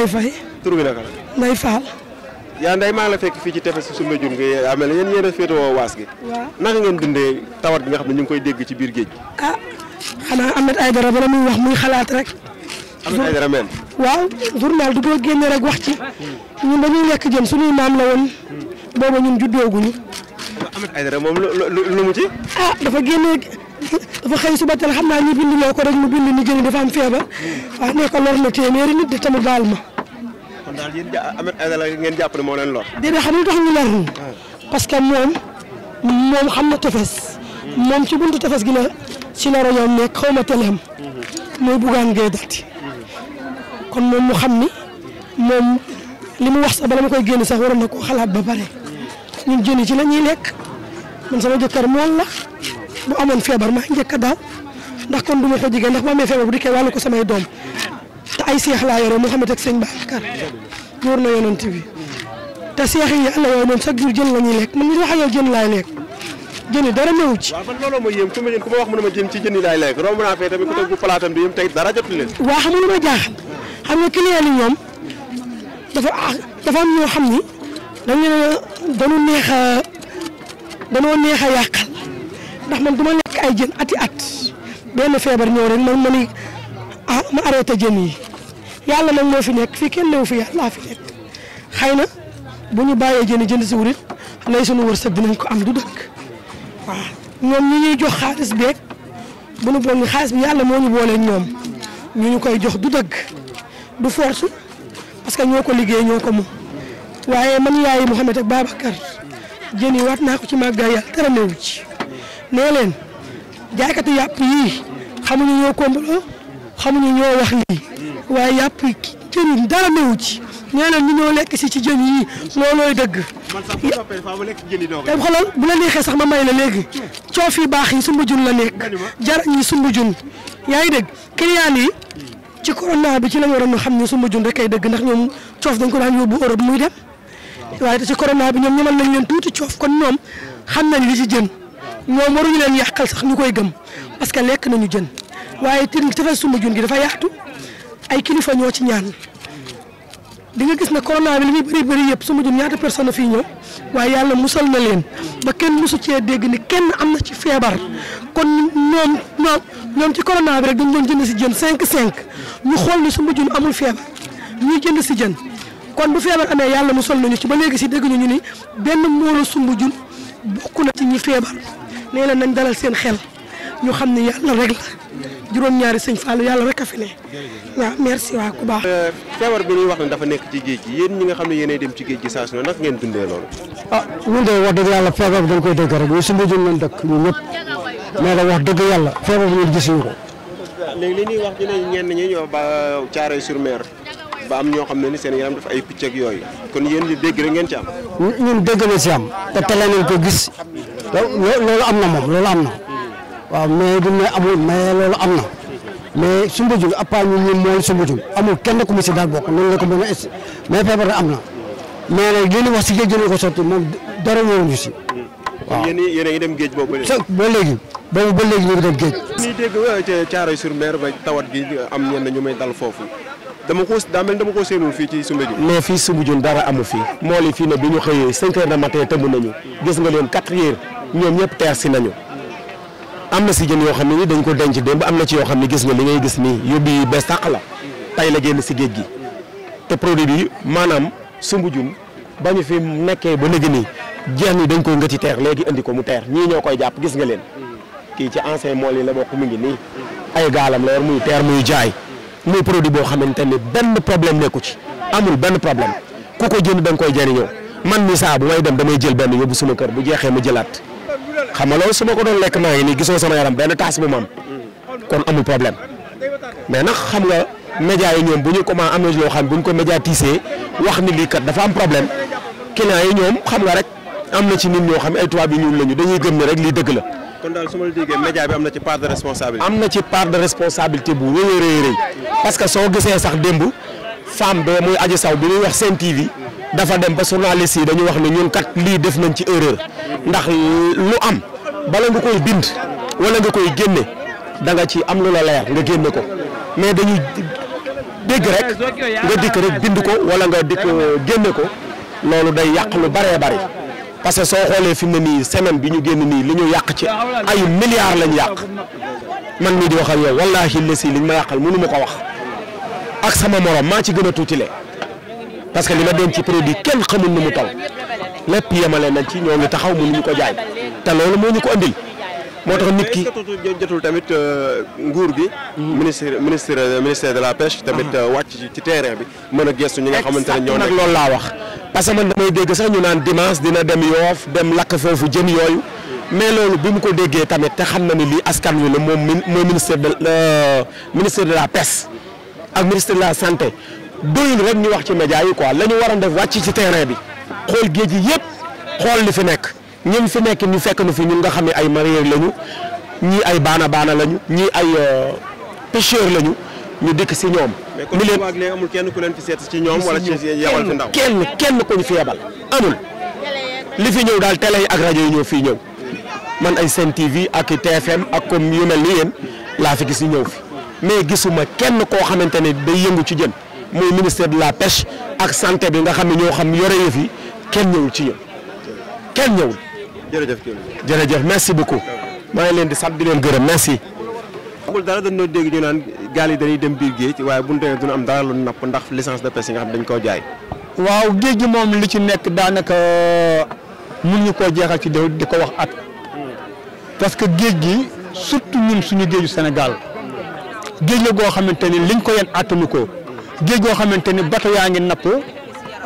koy fay. tur bi naka la. Ndeye Fall. la fekk fii ci tefes su Soumbédioune gi amel yéen yéen a féetewoo waas gi. waaw naka ngeen dundee bi nga xam ne ñu ngi koy dégg ci biir géej gi. Ah, xanaa Ahmed Aïdara bala muy wax muy xalaat rek. Ahmed Aïdara meen. waaw journal du ko génne rek wax ci. ñun dañuy lekk jën suñuy maam la woon. booba ñun juddooguñu. Ahmed Aïdara moom lu mu ci. ah dafa génne dafa xëy suba teel xam naa ñu bind loo ko rek mu bind ni jëli dafa am feebar. waaw ne lor na téeméeri nit de tamit baal ma. kon daal yéen ja Ahmed Aidara ngeen jàpp ne moo leen xam nga tax ñu lor ah. parce que moom xam na tefes. Hmm. moom ci buntu tefes gi la si la rajo nekk xaw ma teleem. Hmm. mooy Bougane Gueye Dany. Hmm. kon moom mu xam ni moom li mu wax sax bala ma koy génn sax a na koo xalaat ba pare ñun jëni ci la ñuy lekk man sama jëkkër mool la bu amoon feebar maa njëkk a daal ndax kon du ma ko jigéen ndax bu amee feebar bu dikkee wàllu ko samay doom ay seex laa yore Mouhamed ak sëñ Babacar ñor na yonent bi te seex yi yàlla yooyu noonu chaque jour jën la ñuy lekk man mii wax ak yow jën laa lekk jëni dara newu ci. waaw man looloo ma yéem ku ma wax mu ne ma jën ci jën yi laay lekk romb naa fee tamit ku tey dara leen. waaw xam nga lu jaaxal xam nga client yi ñoom dafa ah, dafa am ñoo xam ni dañu ne dañu neex a dañoo neex ndax man ma lekk ay jën ati at benn feebar ñëw rek ma ni ah yi. yàlla nag moo fi nekk fii kenn newu fi yàlla fi nekk xëy na bu ñu bàyyee jënd jënd si wurit xam na sunu wërsëg dinañ ko am du dëkk waaw ñoom ñi ñuy jox xaalis beeg bu ñu boole xaalis bi yàlla moo ñu boole ñoom ñu ñu koy jox du dëgg du force parce que ñoo ko liggéey ñoo ko moom waaye man yaayi Mouhamed ak Babacar jën yi waat naa ko ci màggaay yàlla dara newu ci nee leen jaaykatu yàpp yii xamuñu ñoo kombaloo xamuñu ñoo wax lii waaye yàpp jën yi dara newu ci nee na ñu ñoo lekk si ci jën yi loolooy dëgg. man sax bu toppee jën yi doog te xoolal bu la neexee sax ma may la léegi coof yi baax yi sumbu jun la nekk jar ñi sumbu jun yaa ngi dégg client yi ci corona bi ci la ñu waroon xam ne sumbu jun rek ay dëgg ndax ñoom coof dañ ko daan yóbbu Europe muy dem waaye te ci corona bi ñoom ñamal nañ leen tuuti coof kon ñoom xam nañ li ci jën ñoom waruñu leen yàqal sax ñu koy gëm parce que lekk nañu jën waaye tëri tefes Soumbédioune gi dafa yaatu ay kilifa ñoo ci ñaan di nga gis ne corona bi li muy bëri bëri yëpp Soumbédioune ñaata personne fii ñëw waaye yàlla musal na leen ba kenn musu cee dégg ni kenn am na ci feebar kon ñoom ci corona bi rek dañ doon jënd si jën 5-5 ñu xool ni Soumbédioune amul feebar ñuy jënd si jën kon bu feebar amee yàlla musal nañu ci ba léegi si dégg ñu ñu ni benn mbooloo Soumbédioune bokk na ci ñi feebar nee leen nañ dalal seen xel. ñu xam ne yàlla rek la juróom-ñaari sëñ Fallou yàlla rek a fi ne merci waa ku baax. feebar bi ñuy wax ne dafa nekk ci géej gi yéen ñi nga xam ne yéenay dem ci géej gi saa su ne nag ngeen dundee loolu. ah ñun de feebar bi dañ koy dégg rek ñu suñu jëm lañ dëkk mais nag wax yàlla feebar bi ñun gisuñu li ñuy wax ñu ne ñenn ñi ñoo ba Thiaroye sur Mer ba am xam ne ni seen yaram dafa ay picc ak yooyu kon yéen li dégg rek ngeen ci am. ñun dégg na ci am te tele nañ ko gis loolu am na moom loolu am na waaw mais du ne amul mais loolu am na mais Soumbédioune à part ñun ñun mooy Soumbédioune amul kenn ku mu si daal bokk noonu la ko mën est mais feebar am na mais nag li wax si géej gi ko sotti moom dara wóoruñu si. waaw yéen yéen a ngi dem géej boobu ba léegi. ba léegi boobu ba léegi ñu ngi dem géej. ñuy eh, sur mer ba tawat gi am na ñu may dal foofu. dama ko daa dama ko séenul fii ci Soumbédioune non fii Soumbédioune dara amu fii mool yi fii ne bi ñu xëyee cinq heures de matin tëmb nañu gis nga leen quatre heures ñoom ñëpp teer si nañu am na si jën yoo xam ne ni dañ ko denc démb am na ci yoo xam ne gis nga li ngay gis nii yóbbu yi bees tàq la tay la génn si géej gi te produit bi maanaam sumbu jun ba ñu fi nekkee ba léegi nii jeex ni dañ ko nga ci teer léegi indi ko mu teer ñii ñoo koy jàpp gis nga leen kii ci ancien mool yi la bokk mu ngi nii ay gaalam la yor muy teer muy jaay muy produit boo xamante ni benn problème nekku ci amul benn problème ku ko jënd da koy jëriñoo man mi saa may dem damay jël benn yóbbu suma kër bu jeexee mu jëlaat xam nga loolu su ma ko doon lekk maa ngi nii gisoo sama yaram benn taas bu ma am kon amul problème mais nag xam nga média yi ñoom bu ñu comment am na loo xam bu ñu ko médiatisé wax ni kat dafa am problème client yi ñoom xam nga rek am na ci nit ñoo xam ay tubaab yu ñuul lañu dañuy gëm rek lii dëgg la. kon ma la déggee média bi am na ci part de responsabilité. am na ci part de responsabilité bu rëy a parce que soo gisee sax démb femme ba muy aji saw bi ñuy wax seen TV dafa dem ba journaliste yi dañu wax ne ñun kat lii def nañ ci erreur. ndax lu am bala nga koy bind wala nga koy génne da nga ci am lu la leer nga génne ko mais dañuy dégg rek nga dikk rek bind ko wala nga dikk génne ko loolu day yàq lu baree bari parce que soo xoolee fi mu ne nii semaine bi ñu génn nii li ñu yàq ci ay milliards lañ yàq man mii di wax ak yow wallaahi lesi liñ ma yàqal mënu ma ko wax ak sama morom maa ci gën a tuutile parce que li ma denc ci produit kenn xamul nu mu toll lépp yemale nañ ci ñoo ngi taxaw mënuñu ko jaay te loolu moo ñu ko andil moo tax nit ki jotul tamit euh, nguur gi. Hmm. ministre ministre euh, ministère de la pêche. tamit hmm. euh, wàcc ci terrain bi. mën a gestu ñi nga xamante ne ñoo nag loolu laa wax. parce que man damay dégg sax ñu naan dimanche dina dem yoof dem lakk foofu jën yooyu. mais loolu bi mu ko déggee tamit te xam na ni lii askan wi la moom mooy ministère de ministère de la pêche ak ministère de la santé doyul rek ñu wax ci média yi quoi la ñu def wàcc ci terrain bi. xool géej gi yëpp xool li fi nekk ñun fi nekk ñu fekk nu fi ñun nga xam ne ay mareyeur lañu ñii ay baana baana lañu ñii ay euh, pêcheur lañu ñu dikk si ñoom. ni leen mais kon amul kenn ku leen fi seet ci ñoom. wala ci yebal fi ndaw kenn kenn ku ñu fi yebal amul. li fi ñëw daal tele yi ak rajo yi ñoo fii ñëw man ay Sen TV ak TFM ak comme yu mel ni laa fi gis ñu ñëw fi mais gisuma kenn koo xamante ni day yëngu ci jën muy ministère de la pêche ak santé bi nga xam ne ñoo xam yore yëf yi kenn ñëwul ci yéen kenn ñëwul. jërëjëf jërëjëf merci beaucoup. maa ngi leen di sant di leen gërëm merci. amul dara dañoo dégg ñu naan gaal yi dañuy dem biir géej waaye bu ñu demee duñu am dara lu napp ndax licence de pêche yi nga xam dañ koo jaay. waaw géej gi moom li ci nekk daanaka euh, mun ñu koo jeexal ci déw di ko wax at. parce que géej gi surtout ñun suñu géeju Sénégal géej la goo xamante ni liñ ko yenn attanu ko géej goo xamante ni bato yaa ngi napp.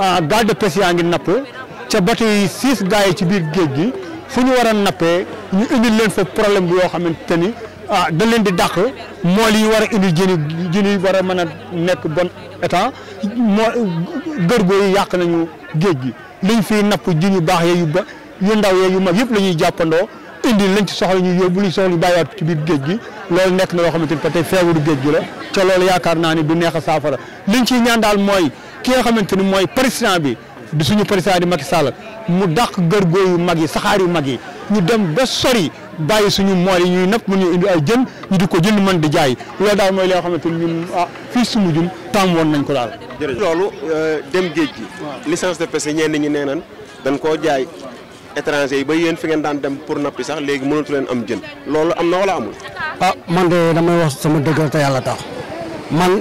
Euh, gaal de yaa ngi napp ca bateau yi siis gaa yi ci biir géej gi fu ñu war a nappee ñu indil leen fa problème bu yoo xamante ni ah euh, da leen di dàq mool yi war a indi jën yi jën yi war a nekk bon état moo gërgo yi yàq nañu géej gi liñ fiy napp jën yu baax yee yu ba yu ndaw yee yu mag yëpp la ñuy jàppandoo indi lañ ci soxla ñu yóbbu ñu soxla ñu bàyyiwaat ci biir géej gi loolu nekk na loo xamante ne peut-être feebaru géej gi la ca loolu yaakaar naa ni du neex a saafara liñ ciy ñaan daal mooy ki nga xamante ni mooy président bi di suñu président di Macky Sall mu dax gërgoo yu mag yi saxaar yu mag yi ñu dem ba sori bàyyi suñu mool yi ñuy napp mu ñu indi ay jën ñu di ko jënd man di jaay loolu daal mooy li nga xamante ni ñun ah fii su mujjum tàmm nañ ko daal. loolu euh, dem géej gi. licence de pêche ñenn ñi nee nañ dañ koo jaay étranger yi ba yéen fi ngeen daan dem pour nappi sax léegi mënatu leen am jën loolu am na wala amul. ah man de damay wax sama dëggal te yàlla tax man.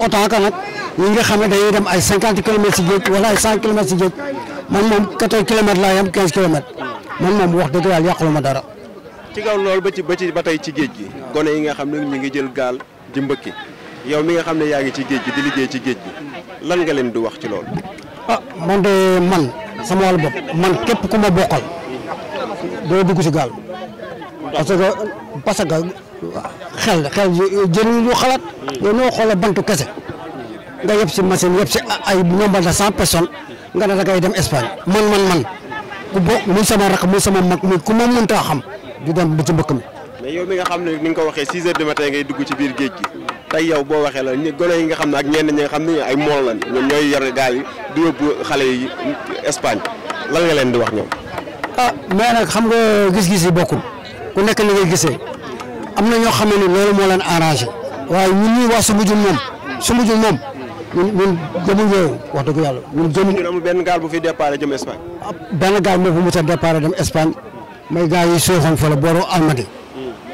autant que nag ñi nga xam ne dañuy dem ay cinquante kilomètres si géej wala ay cent kilomètres si géej man moom quatorze kilomètres laa yem quinze man moom wax dëgg yàlla yàqulu ma dara. ci kaw ba ci ba ba tey ci géej gi gone yi nga xam ne ñu ngi jël gaal di mbëkki yow mi nga xam ne yaa ngi ci géej gi di liggéey ci géej gi lan nga leen di wax ci loolu. ah man de man sama wàllu bopp man képp ku ma bokkal doo dugg si gaal parce que parce a xel xel jëriñu xalaat. yow noo xoolee bantu kese nga yeb si machine yeb si ay nombal de cent personnes nga ne dangay dem Espagne man man man ku bokk muy sama rakk muy sama mag muy ku ma mënta xam di dem mais yow mi nga xam ne ni ko waxee six heures du dugg ci biir géej gi tey yow boo waxee la gone yi nga xam ne ak ñenn ñi nga xam ne ay mool lan ñooy yor gaal yi di yóbbu xale yi Espagne lan nga leen di wax ñoom. ah mais nag xam nga gis-gis yi bokkul ku nekk ni ngay gisee am na ñoo xam ne loolu moo leen arrangé. waaye ñun ñuy wax Soumbédioune moom Soumbédioune moom ñun ñun gëmuñu yooyu wax dëgg yàlla ñun gëmuñu. amul benn gaal bu fi départ jëm Espagne. Ah, benn gaal moo fi mu sa départ dem Espagne may gaa yi sooxoon fële booru Almadi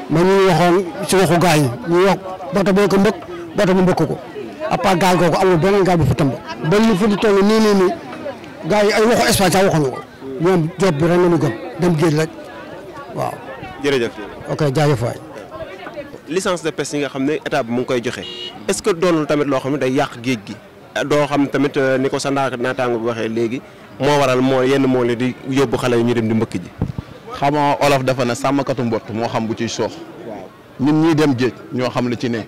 ma ñu waxoon ci waxu gaa yi ñu wax bato boo ko mbëkk bato bu mbëkk ko à part gaal googu amul beneen gaal bu fi tëmb. ba ñu fi toll nii nii nii gaa yi ay waxu Espagne sax waxuñu ko ñoom job bi rek la ñu gëm dem géej rek waaw. jërëjëf ok jaajëf waay. licence de pêche yi nga xam ne état bi mu ngi koy joxe est-ce que doonul tamit loo xam ne day yàq géej gi doo xam tamit euh, ni ko sa naataango bi waxee léegi moo waral moo yenn moo leen di yóbbu xale yi ñu dem di mbëkk ji. xam olof dafa ne sàmmkatu mbott moo xam bu ciy soox. ñun ñuy dem géej ñoo xam li ci ne.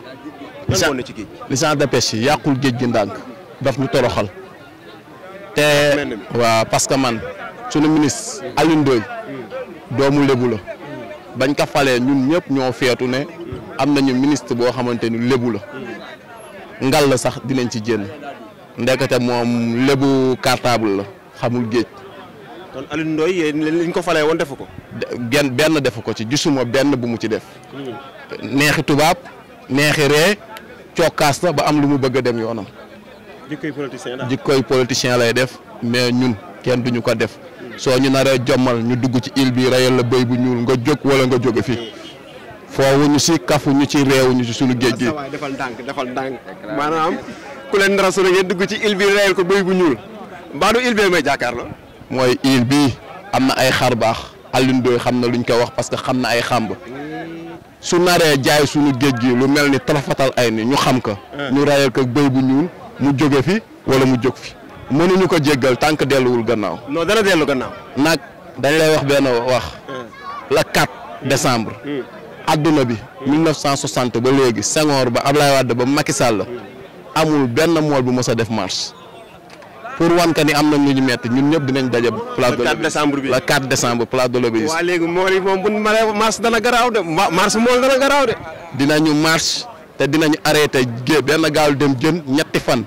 lan ci géej licence de pêche yi yàqul géej gi ndànk daf ñu toroxal. te waaw parce que man sunu ministre Alioune Ndoye hmm. doomu Lebu la. bañ ka falee ñun ñëpp ñoo feetu ne am nañu ministre boo xamante ni lébu la ngal la sax dinañ ci jénn ndekete moom lébu cartable la xamul géej. kon Alioune Ndoye liñ ko falee woon defu ko. genn benn defu ko ci gisuma benn bu mu ci def. neexi tubaab neexi ree cokkaas na ba am lu mu bëgg a dem yoonam. jikkoy politicien lay def mais ñun kenn duñu ko def. soo ñu naree jommal ñu dugg ci île bii rayal la béy bu ñuul nga jóg wala nga jóge fi foofu ñu si kafu ñu ci réew ñu si suñu géej gi. defal ndànk defal ndànk maanaam ku leen dara sori ngeen dugg ci île bi rayal ko béy bu ñuul mbaadu may jàkkaarloo. mooy île bi am ay xar baax Alioune xam na luñ koy wax parce que xam na ay xàmb su naree jaay suñu géej gi lu mel ni tarafatal ay ni ñu xam ko. Eh. ñu rayal ko béy bu ñuul mu jóge fi wala mu jóg fi. mënuñu ko jéggal tànk delluwul gannaaw. non dana dellu gannaaw. nag dañu lay wax benn wax. Hmm. la 4 décembre. Hmm. adduna bi. 1960 hmm. ba léegi Senghor ba Ablaye Wade ba Macky Sall. amul benn mool bu mës a def marche. pour wan ni am na ñu ñu métti ñun ñëpp dinañ daje. place de le 4 décembre bi le 4 décembre place de l'Obélisque. waaw léegi mool yi moom bu ñu maree marche dana garaaw de marche mool dana garaaw de. dinañu marche te dinañu arrêté gée benn gaal dem jën ñetti fan.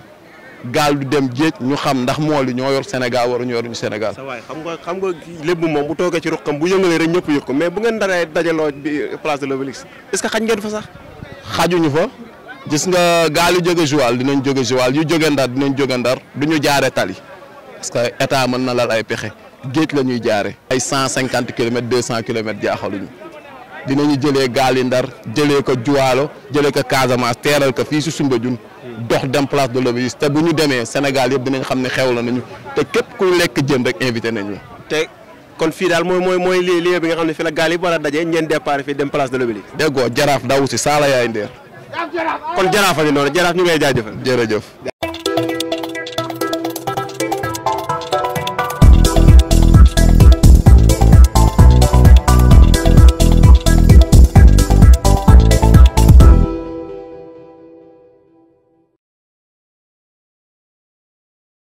gaal du dem jéej ñu xam ndax moo li ñoo yor Sénégal waruñu ñu Sénégal. sa waay xam nga xam nga lébu moom bu toogee ci ruqam bu yëngalee rek ñëpp yëg ko mais bu ngeen daree dajaloo bi euh, place de l'Obélisque est-ce que xaj ngeen fa sax. xajuñu fa gis nga gaal yi jóge Joal dinañ jóge Joal yu jóge Ndar dinañ jóge Ndar du ñu jaaree tali parce que état mën na lal ay pexe géej la ñuy jaare ay cent cinquante kilomètres deux cent kilomètres jaaxaluñu dinañu jëlee gaal yi Ndar jëlee ko Joalo jëlee ko Casamance teeral ko fii si Soumbédioune dox dem place de l'Obélisque te bu ñu demee Sénégal yëpp dinañ xam ne xew la nañu te képp ku lekk jën rek invité nañ la. te kon fii daal mooy mooy mooy lieu bi nga xam ne fi la gaal yi war dajee daje ñeen départ fii dem place de l'Obélisque. déggoo jaraaf daw si saala yaay ndeer kon jaraaf a ngi noonu jaraaf ñu ngay jaajëfal jërëjëf.